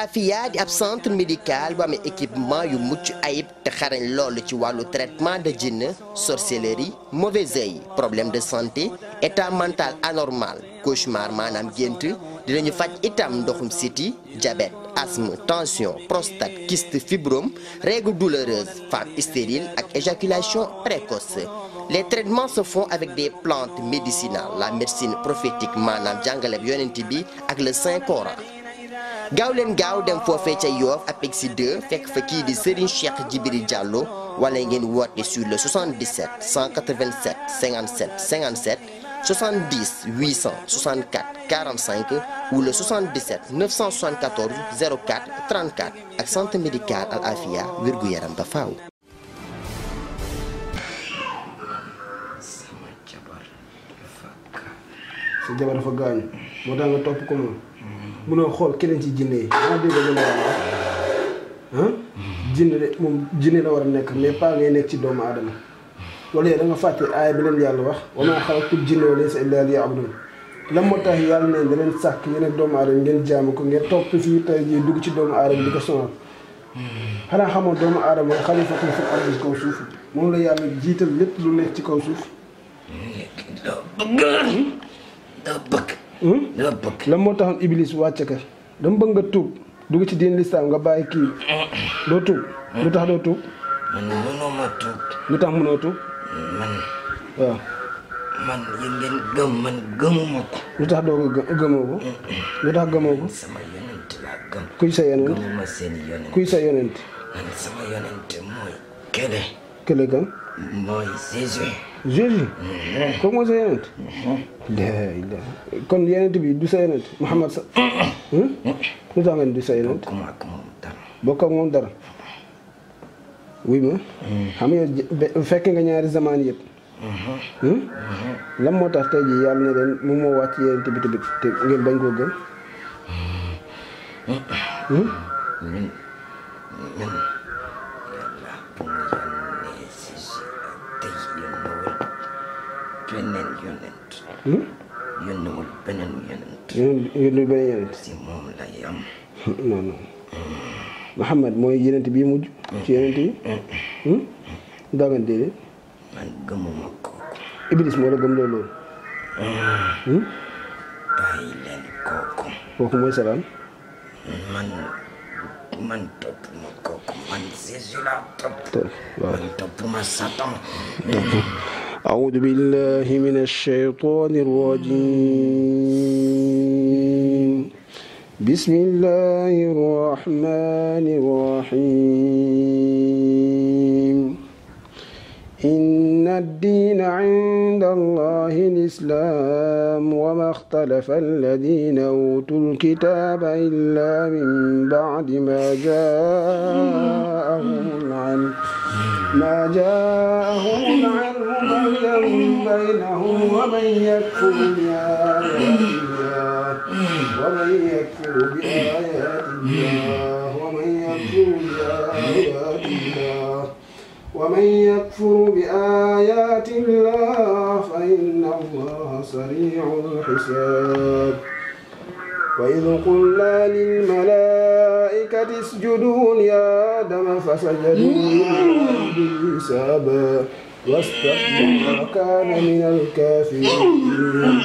La di ab centre médical bu amee équipement yu mucc ayib te xarañ lool ci traitement de jinn, sorcellerie mauvais œil problème de santé état mental anormal cauchemar maanaam gént dinañu faj itam ndoxum siti diabète asthme tension prostate kyste fibrome règles douloureuses femme stérile et éjaculation précoce les traitements se font avec des plantes médicinales la médecine prophétique manam jangaleb la bi ak le saint coran gaaw leen gaaw dem foofee ca Yoff APEXI 2 fekk fa kii di Serigne Cheikh Djibril Diallo wala ngeen woote sur le 77 187 57 57 70 864 45 ou le 77 974 04 34 ak centre médical Al Afia wérgu yaram ba mënoo xool keneen ci jinne yi maa jinne de moom jinne la war a nekk mais pas ngay nekk ci doomu aadama wala yow da nga fàtte aaya bi yàlla wax wa maa xalaqtul jinna wal insa illaa liya'buduun lan moo tax yàlla ne da leen sàkk doomu aadama ngeen jaamu ko ngeen topp fii tey jii dugg ci doomu aadama di ko sonal xanaa xamoo doomu aadama xalifatun fil ardi kaw suuf moom la yàlla jiital lépp lu nekk ci kaw suuf dama hmm? lan moo taxoon Iblis wàcce ka dama bëgg nga tuub dugg ci diin lislaam nga bàyyi kii doo tuub. lu tax doo tuub. man mënoo ma tuub. lu tax mënoo tuub. man. waaw. gëmuma ko. lu tax doo ko gëmoo ko. lu tax gëmoo ko. sama yonent laa kuy sa yonent gëmuma seen yonent. kuy sa yonent. Kële. Kële kan. mooy Jésus. Jésus. Mhm. kooku mooy sa yonent. Mhm. kon yonent bi du sa yonent Muhammad sa. Hmm? lu tax ngeen du sa yonent. bokk ak moom dara. wuy ma. Hmm. xam nga fekk nga ñaari zamaan yëpp. Mhm. Hmm? lan moo tax te jii yàlla ne leen moom moo wàcc yonent bi tamit te ngeen bañ koo gëm. Hmm? know. You yónniwul you yonent yónniwul beneen yonent si moom la yam non non Muhammad mooy yonent bi mujj ci yonent yi mm-hmm. hmm? daagan déedéet man gëmuma kooku Iblis moo la gëm loolu loolu mm-hmm. hmm? bàyyi leen kooku kooku mooy salaam man man topp ma kooku man Jésus laa topp man topp ma Satan أعوذ بالله من الشيطان الرجيم بسم الله الرحمن الرحيم إن الدين عند الله الإسلام وما اختلف الذين أوتوا الكتاب إلا من بعد ما جاءهم العلم ما جاءهم العلم بغيا بينهم ومن يكفر بآيات الله ومن يكفر بآيات الله ومن يكفر بآيات الله ومن يكفر بآيات الله فإن الله سريع الحساب وإذ قلنا للملائكة الملائكة اسجدوا لآدم فسجدوا حسابا أبى واستكبر كان من الكافرين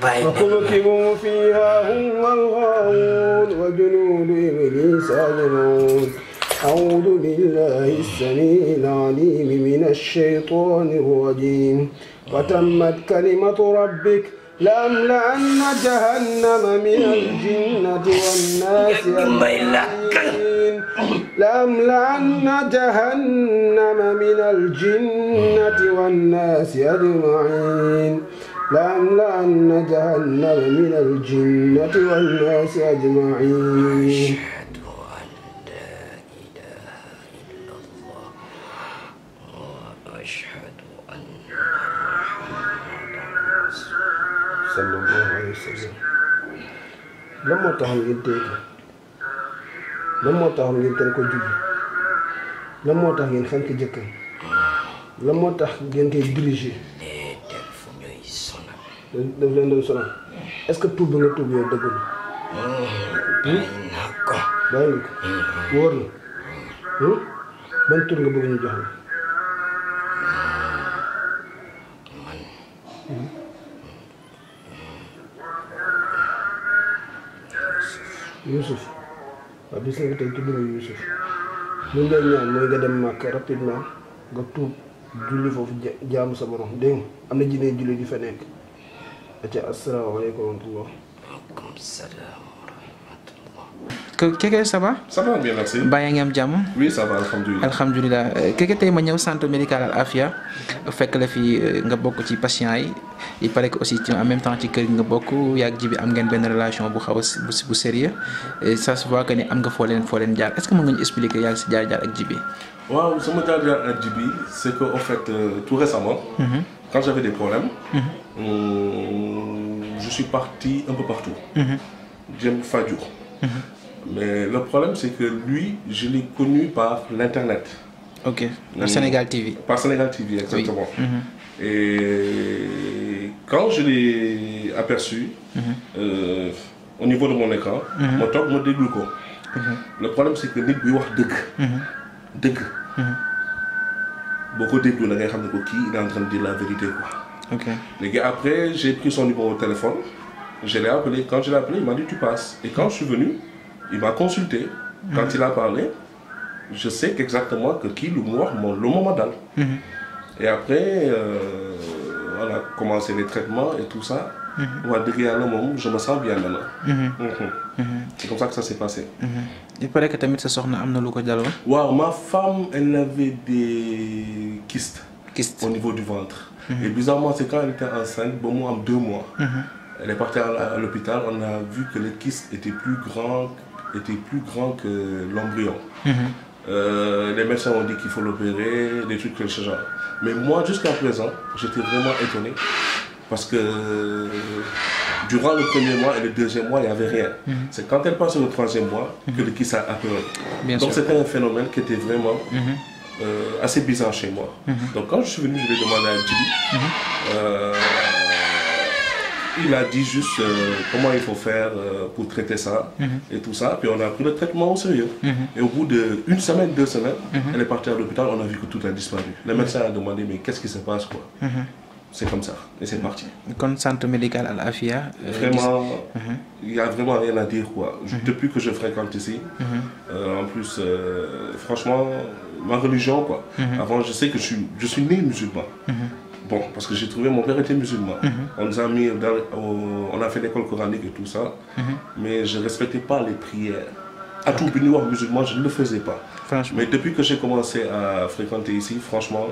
فكبكبوا فيها هم والغاوون وجنود إبليس أجمعون أعوذ بالله السميع العليم من الشيطان الرجيم وتمت كلمة ربك لأملأن جهنم من الجنة والناس أجمعين لأملأن جهنم من الجنة والناس أجمعين لأملأن جهنم من الجنة والناس أجمعين lan moo tax ngeen téye ko lan moo tax ngeen tere ko julli lan moo tax ngeen fonk jëkkër lan moo tax ngeen koy diriger daf leen doon sonal est ce que tuub nga tuub yow dëgg la bàyyi na ko wóor na ban tur nga bëgg ñu jox Yusuf, ba bis nga tey tudd nga Youssouf ñu ngi ñaan mooy nga dem màkk rapidement nga tuub julli foofu jaamu sa borom dégg am na julli di fa nekk aca asalaamaaleykum wa rahmatullah Keke ça va. ça va bien merci. Baye ngam ngi am oui ça va alhamdulilah. alhamdulilah Keke euh, tay ma ñew centre médical Al Afia fekk la fi euh, nga bok ci patient yi il paraît que aussi en même temps ci kër nga bok yaa jibi am ngeen ben relation bu xaw bu sérieux ça se voit que ni am nga fo fo jaar est-ce que mo nga expliquer yaa ci jaar jaar ak jibi bi. waaw sama jaar jaar ak jibi c'est que en fait euh, tout récemment. Mm-hmm. quand j'avais des problèmes. Mm-hmm. je suis parti un peu partout. Mm-hmm. J'aime Fadjou. Mais le problème, c'est que lui, je l'ai connu par l'Internet. Ok, par mm. Sénégal TV. Par Sénégal TV, exactement. Mhm. Et quand je l'ai aperçu, mhm. euh, au niveau de mon écran, mon top me quoi Le problème, c'est que Nick lui wax deug. Beaucoup de gens ne qui il est en train de dire la vérité. Quoi. après, j'ai pris son numéro de téléphone, je l'ai appelé. Quand je l'ai appelé, il m'a dit Tu passes. Et quand je suis venu, il m'a consulté. Quand mhm. il a parlé, je sais exactement que qui l'humour, le moment dal. Mhm. Et après, euh, on a commencé les traitements et tout ça. Mhm. je me sens bien maintenant. C'est comme ça que ça s'est passé. Il paraît que ma femme elle avait des kystes, au niveau du ventre. Et bizarrement, c'est quand elle était enceinte, bon moins en deux mois. Elle est partie à l'hôpital, on a vu que les kystes étaient plus grands était plus grand que l'embryon. Mhm. Euh, les médecins ont dit qu'il faut l'opérer, des trucs de ce genre. Mais moi, jusqu'à présent, j'étais vraiment étonné parce que euh, durant le premier mois et le deuxième mois, il n'y avait rien. Mhm. C'est quand elle passe au troisième mois que mhm. le kiss a apparu. Donc c'était un phénomène qui était vraiment euh, assez bizarre chez moi. Donc quand je suis venu, je lui ai demandé à Julie il a dit juste euh, comment il faut faire euh, pour traiter ça mhm. et tout ça. Puis on a pris le traitement au sérieux. Mhm. Et au bout d'une semaine, deux semaines, mhm. elle est partie à l'hôpital, on a vu que tout a disparu. Le médecin a demandé mais qu'est-ce qui se passe quoi C'est comme ça et c'est parti. Comme centre médical à l'AFIA euh, Vraiment, il n'y a vraiment rien à dire quoi. depuis que je fréquente ici, en plus, franchement, ma religion quoi. Avant, je sais que je suis, je suis né musulman bon, parce que j'ai trouvé mon père était musulman. Mhm. On a on a fait l'école coranique et tout ça, mhm. mais je respectais pas les prières. À tout bénir musulman, je ne le faisais pas. Mais depuis que j'ai commencé à fréquenter ici, franchement,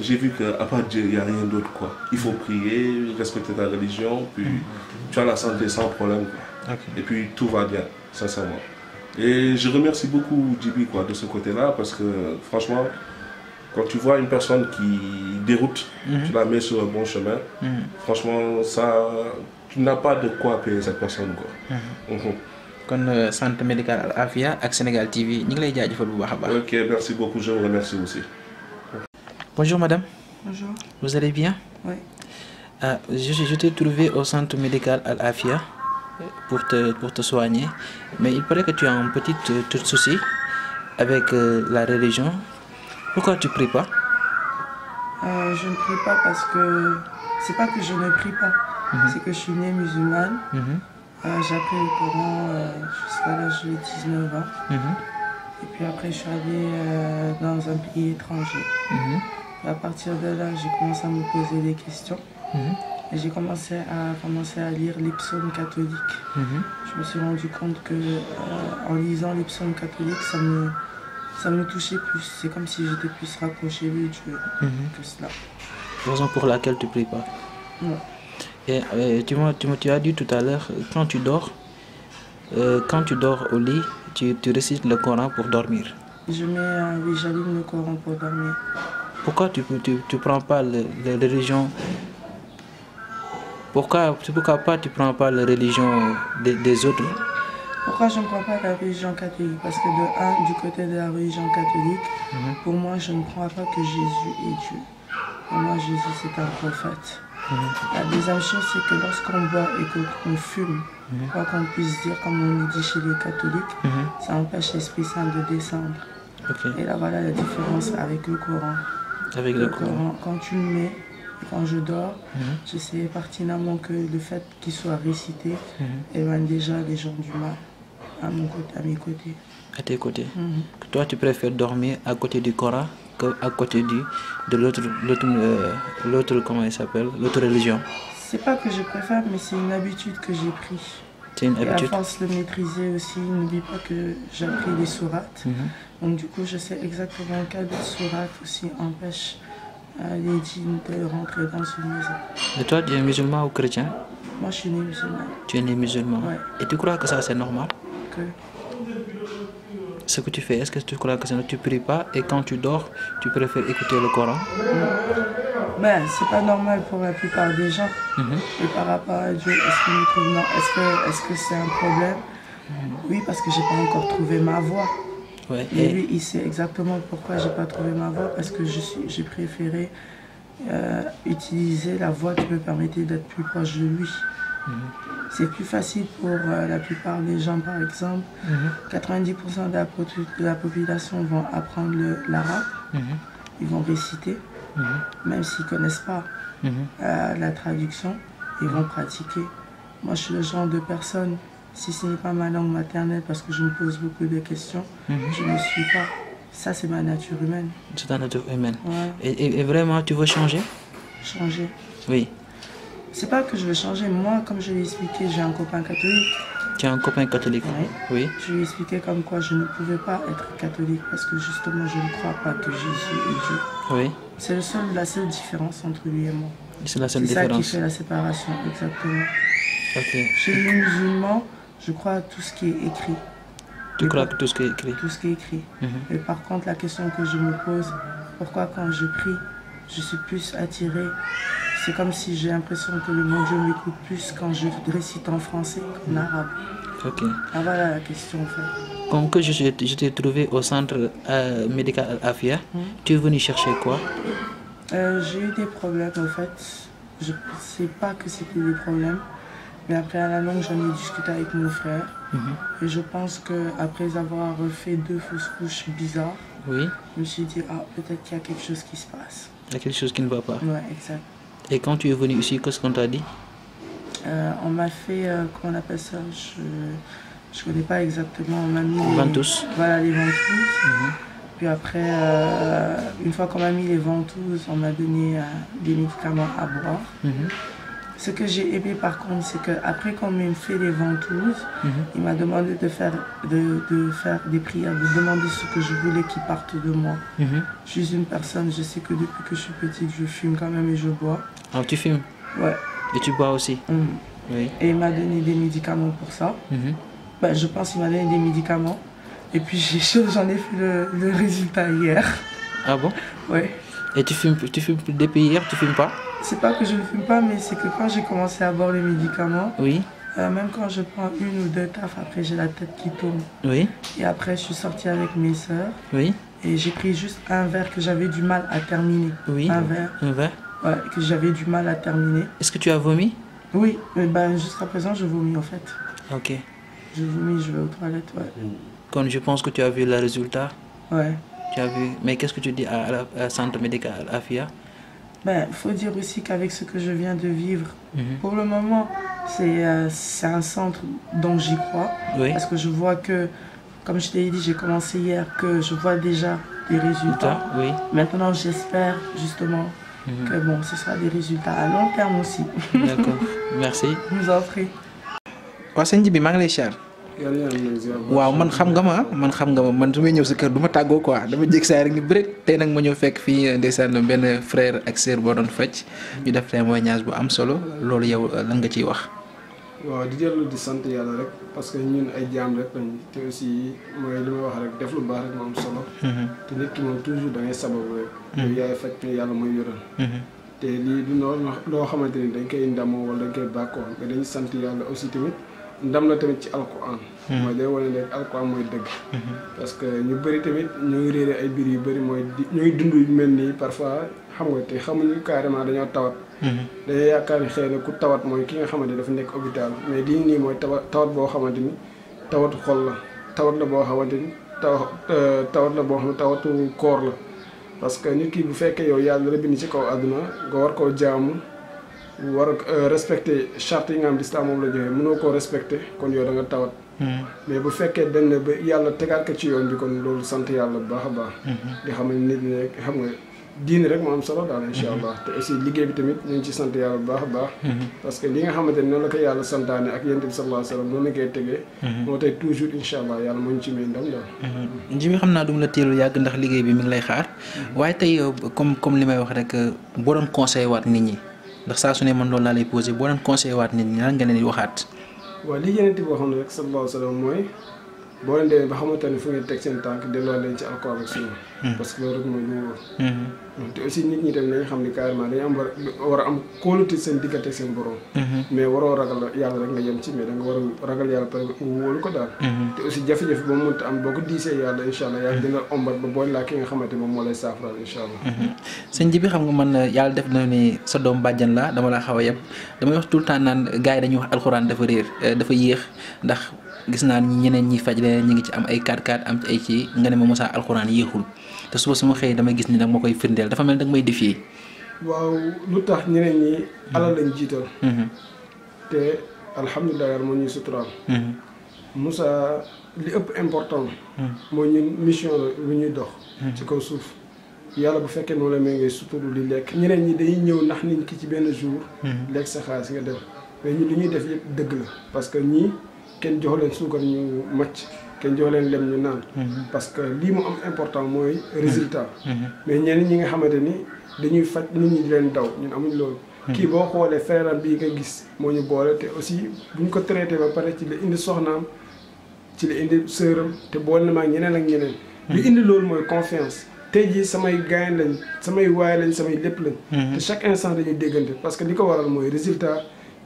j'ai vu qu'à part Dieu, il n'y a rien d'autre. quoi. Il faut prier, respecter ta religion, puis mhm. tu as la santé sans problème. Quoi. Et puis tout va bien, sincèrement. Et je remercie beaucoup Djibi quoi, de ce côté-là, parce que franchement, quand tu vois une personne qui déroute, mhm. tu la mets sur un bon chemin, mhm. franchement, ça, tu n'as pas de quoi payer cette personne. Quoi. Mhm. Euh, centre médical Al Afia Sénégal TV ok merci beaucoup je vous remercie aussi. bonjour madame. bonjour. vous allez bien. oui. Ah, je t'ai trouvé au centre médical Al Afia euh, pour te pour te soigner mais il paraît que tu as un petit euh, souci avec la religion. Pourquoi tu pries pas euh, Je ne prie pas parce que c'est pas que je ne prie pas, mhm. c'est que je suis née musulmane. Mhm. Euh, pendant... Euh, jusqu'à l'âge de 19 ans. Mhm. Et puis après, je suis allée dans un pays étranger. à partir de là, j'ai commencé à me poser des questions. Et j'ai commencé à, commencer à lire les psaumes catholiques. Je me suis rendu compte que en lisant les psaumes catholiques, ça me, ça me touchait plus. C'est comme si j'étais plus rapproché lui tu vois, mhm. que cela. Raison pour laquelle tu ne pries pas. Et euh, tu, m'as as dit tout à l'heure, quand tu dors, euh, quand tu dors au lit, tu, récites le Coran pour dormir. Je mets, oui, j'allume le Coran pour dormir. Pourquoi tu ne tu, prends pas la religion pourquoi, pas tu prends pas la religion des autres pourquoi je ne crois pas à la religion catholique Parce que de un, du côté de la religion catholique, mhm. pour moi, je ne crois pas que Jésus est Dieu. Pour moi, Jésus, c'est un prophète. Mhm. La deuxième chose, c'est que lorsqu'on boit et qu'on fume, mm quoi qu'on puisse dire, comme on le dit chez les catholiques, mhm. ça empêche l'Esprit Saint de descendre. Et là, voilà la différence avec le Coran. Avec le, Coran. Quand tu le mets, quand je dors, je sais pertinemment que le fait qu'il soit récité émane déjà les gens du mal à, mon à mes côtés. À tes côtés Toi, tu préfères dormir à côté du Coran à côté du, de l'autre, euh, l'autre, comment il s'appelle, l'autre religion C'est pas que je préfère, mais c'est une habitude que j'ai pris C'est une habitude. à force le maîtriser aussi, n'oublie pas que j'ai appris les sourates. Mhm. Donc du coup, je sais exactement quelle sourate aussi empêche euh, les djinns de rentrer dans une maison. Et toi, tu es musulman ou chrétien Moi, je suis né musulman. Tu es né musulman Et tu crois que ça, c'est normal ce que tu fais, est-ce que tu crois que ça ne tu pries pas et quand tu dors, tu préfères écouter le Coran Mais Ben, c'est pas normal pour la plupart des gens. Mhm. Et par rapport à Dieu, est-ce que c'est un problème Oui, parce que j'ai pas encore trouvé ma voix. et, lui, il sait exactement pourquoi j'ai pas trouvé ma voix. parce que je j'ai préféré euh, utiliser la voix qui me permettait d'être plus proche de lui. Mhm. C'est plus facile pour euh, la plupart des gens, par exemple. 90% mhm. de la, population vont apprendre l'arabe, mhm. ils vont réciter, mhm. même s'ils ne connaissent pas euh, la traduction, ils vont pratiquer. Moi, je suis le genre de personne, si ce n'est pas ma langue maternelle, parce que je me pose beaucoup de questions, je ne suis pas. Ça, c'est ma nature humaine. C'est ta nature humaine. et, vraiment, tu veux changer Changer. Oui. C'est pas que je vais changer. Moi, comme je l'ai expliqué, j'ai un copain catholique. Tu as un copain catholique Oui. Je lui ai expliqué comme quoi je ne pouvais pas être catholique parce que justement, je ne crois pas que Jésus est Dieu. Oui. C'est la seule différence entre lui et moi. C'est la seule différence. C'est ça qui fait la séparation, exactement. Ok. Chez les musulmans, je crois à tout ce qui est écrit. Tu crois à tout ce qui est écrit Tout ce qui est écrit. Mhm. Et par contre, la question que je me pose, pourquoi quand je prie, je suis plus attirée. C'est comme si j'ai l'impression que le monde me m'écoute plus quand je récite en français qu'en mm. arabe. Ok. Ah, voilà la question en fait. que je, t'ai trouvé au centre euh, médical Afia, mm. tu es venu chercher quoi euh, J'ai eu des problèmes en fait. Je ne sais pas que c'était des problèmes. Mais après, à la langue j'en ai discuté avec mon frère. Mhm. Et je pense qu'après avoir refait deux fausses couches bizarres, je me suis dit, ah, peut-être qu'il y a quelque chose qui se passe. Il y a quelque chose qui ne va pas. Et quand tu es venu ici, qu'est-ce qu'on t'a dit euh, On m'a fait, euh, comment on appelle ça Je ne connais pas exactement. On m'a mis. Ventouses. voilà, les ventouses. Mhm. Puis après, euh, une fois qu'on m'a mis les ventouses, on m'a donné des médicaments à boire. Mhm. Ce que j'ai aimé par contre, c'est qu'après qu'on m'a fait les ventouses, mhm. il m'a demandé de faire, de, faire des prières, de demander ce que je voulais qu'il parte de moi. Mhm. Je suis une personne, je sais que depuis que je suis petite, je fume quand même et je bois. Ah, tu fumes Ouais. Et tu bois aussi mm. Oui. Et il m'a donné des médicaments pour ça. Mhm. Ben, je pense qu'il m'a donné des médicaments. Et puis j'en ai, fait le, résultat hier. Ah bon Oui. Et tu fumes, tu fumes depuis hier, tu fumes pas C'est pas que je ne fume pas, mais c'est que quand j'ai commencé à boire les médicaments, oui. Euh, même quand je prends une ou deux taffes, après j'ai la tête qui tourne. Oui. Et après, je suis sortie avec mes soeurs. Oui. Et j'ai pris juste un verre que j'avais du mal à terminer. Oui. Un verre. Un verre. Ouais, que j'avais du mal à terminer. Est-ce que tu as vomi Oui, mais ben jusqu'à présent, je vomis en fait. Ok. Je vomis, je vais aux toilettes, ouais. Quand je pense que tu as vu le résultat Ouais tu as vu. Mais qu'est-ce que tu dis à, la centre médical AFIA Il ben, faut dire aussi qu'avec ce que je viens de vivre, mhm. pour le moment, euh, c'est un centre dont j'y crois. Parce que je vois que, comme je t'ai dit, j'ai commencé hier, que je vois déjà des résultats. Oui. Maintenant, j'espère justement mhm. que bon, ce sera des résultats à long terme aussi. D'accord, merci. Je vous en prie. waaw man xam nga ma man xam nga ma man su may ñëw sa kër du ma tàggoo quoi dama jékki saa rek ni bëri tey nag ma ñëw fekk fii eh, ndeysaan benn frère ak sœur boo doon fecc ñu def témoignage bu am solo loolu yow eh, lan nga ciy wax. waaw di dellu di sant yàlla rek parce que ñun ay jaam rek te aussi mooy li may wax rek def lu baax rek moo am solo. Mhm. te nit ki moom toujours da ngay sababu rek. Mhm. yow yaay faj te yàlla mooy yoral. Mhm. te lii du noonu xamante ni dañ koy ndamoo wala dañ koy bàkkoo mais dañuy sant yàlla aussi tamit. ndam la tamit ci alquran. Hmm. mooy day wane ne alquran mooy dëgg. Hmm. parce que ñu bëri tamit ñooy réere ay biir yu bëri mooy di ñooy dund yu mel nii parfois xam nga te xamuñu carrément dañoo tawat. Hmm. dañoo yaakaar ni xëy na ku tawat mooy ki nga xamante dafa nekk hôpital mais lii nii mooy tawat tawat boo xamante ni tawatu xol la tawat la boo xamante ni taw euh, tawat la boo xam ne tawatu koor la parce que nit kii bu fekkee yow yàlla la bind ci kaw àdduna nga war koo jaamu. war a euh, respecté charte yi nga xam lislaam moom la joxee mënoo koo respecté kon yow da nga tawat hmm. mais bu fekkee benn ba yàlla tegaat ko ci yoon bi kon loolu sant yàlla bu baax a baax hmm. di xam ne nit ñi xam nga diini rek moo am solo daal incha hmm. allah te liggéey bi tamit ñu ngi ci sant yàlla bu a baax parce nga xamante ne noonu la ko yàlla santaane ak yonent bi sallallahu la koy tegee moo tey toujours incha yàlla moo ci may ndam daal ji xam naa du mu la teelu yàgg ndax liggéey bi mi ngi lay xaar waaye tey euh, comme comme li may wax rek euh, boo doon conseil waat nit ñi ndax saa su ne man loolu laa lay posé boo doon conseillé waat nit ñi lan nga leen di waxaat. waaw li yonent bi waxoon rek mooy boo leen demee xamante ne fu ngeen teg hmm. que loolu rek mooy lu hmm. hmm. wóor xam ne carrément dañu am a am kóolute seen diggante seen borom mais waroo ragal yàlla rek nga yem ci mais da nga war a ragal yàlla pare wóolu ko daal te aussi xamante moom moo lay saafaral incha allah sëñ ji bi xam nga eh, def na ni sa doom bàjjan la dama la xaw a yem damay wax tout le temps naan gars yi dañuy wax alxuraan dafa réer eh, dafa yéex ndax gis naa ñeneen ñi faj leen ñi ngi ci am ay 4 4 am ci ay ci nga ne ma musa alquran yeexul te suba suma ma dama gis ni nag ma koy firndeel dafa mel dag may defi waaw lu tax ñeneen ñi ala lañ jiital. Mm-hmm. te alhamdulilah yàlla moo ñuy suturaal. musa mm-hmm. li ëpp important. Mm-hmm. mooy ñun mission la lu ñuy dox. ci kaw suuf yàlla bu fekkee noonu la may ngay suturu li lekk ñeneen ñi dañuy ñëw ndax nit ki ci benn jour. lekk sa xaalis nga dem mais ñun li ñuy def yëpp dëgg la parce que ñii. kenn jox leen suukar ñu macc kenn jox leen lem ñu naan. Mhm. parce que lii mu am important mooy résultat. Mhm. Mhm. mais ñeneen ñi nga xamante ni dañuy faj nit ñi leen daw ñun amuñ loolu. kii boo xoolee feeram bii nga gis moo ñu boole te aussi bu ñu ko traité ba pare ci la indi soxnaam ci la indi sëram te boole na ma ñeneen ak ñeneen. li indi loolu mooy confiance. tey jii samay gaañ lañ samay waay lañ samay lépp lañ. te chaque instant dañuy déggante parce que li mooy résultat.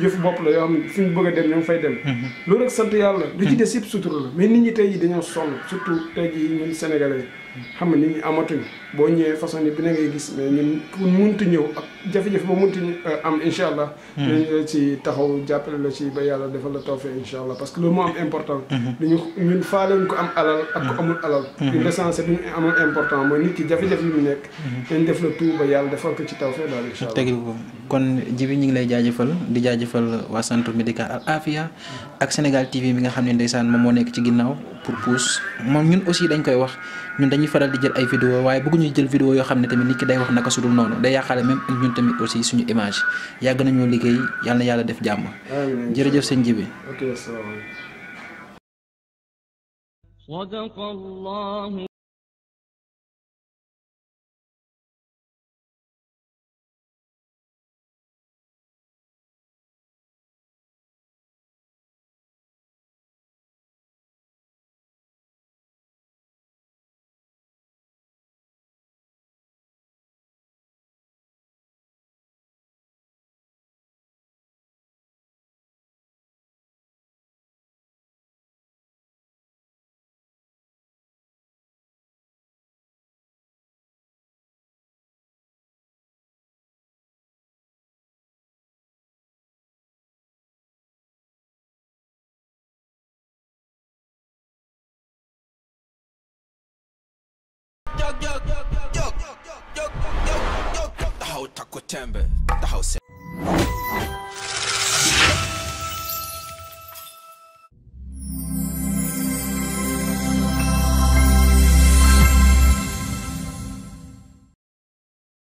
yëf bopp la yoo xam ne fi ñu bëgg a dem ñu fay dem mm-hmm. loolu rek sant yàlla du ci mm-hmm. des yëpp sutura la mais nit ñi tey ji dañoo sonn surtout tey ji ñun sénégalais mm-hmm. xam nga nit ñi amatuñ boo ñëwee façon ni bi na ngay gis mais ñun pour munti ñëw ak jafe-jafe ba munti euh, am incha allah dañ la ci taxaw jàppale la ci ba yàlla defal la tawfee incha allah parce que loolu moo am important dañu ñun faaleñ ko am alal ak ko amul alal l'essentiel ñu amul important mooy nit ki jafe-jafe yu mu nekk dañ def la tout ba yàlla defal ko ci tawfee daal incha allah kon jibi ñu ngi lay jaajëfal di jaajëfal jëfël wa centre médical Al Afia ak Sénégal TV mi nga xamné ndaysan ndeysaan mo nek ci ginnaw pour pousse mom ñun aussi dañ koy wax ñun dañuy faral di jël ay vidéo waye bëggu ñu jël vidéo yo xamné tamit niki day wax naka sudul nonu day yàqaale même ñun tamit aussi suñu image yag nañu liggéey yalla na yàlla def jàmm jërëjëf sëñ Jibi صدق الله yo, yo, yo, yo, yo, yo, yo, yo, the whole taco chamber, the house.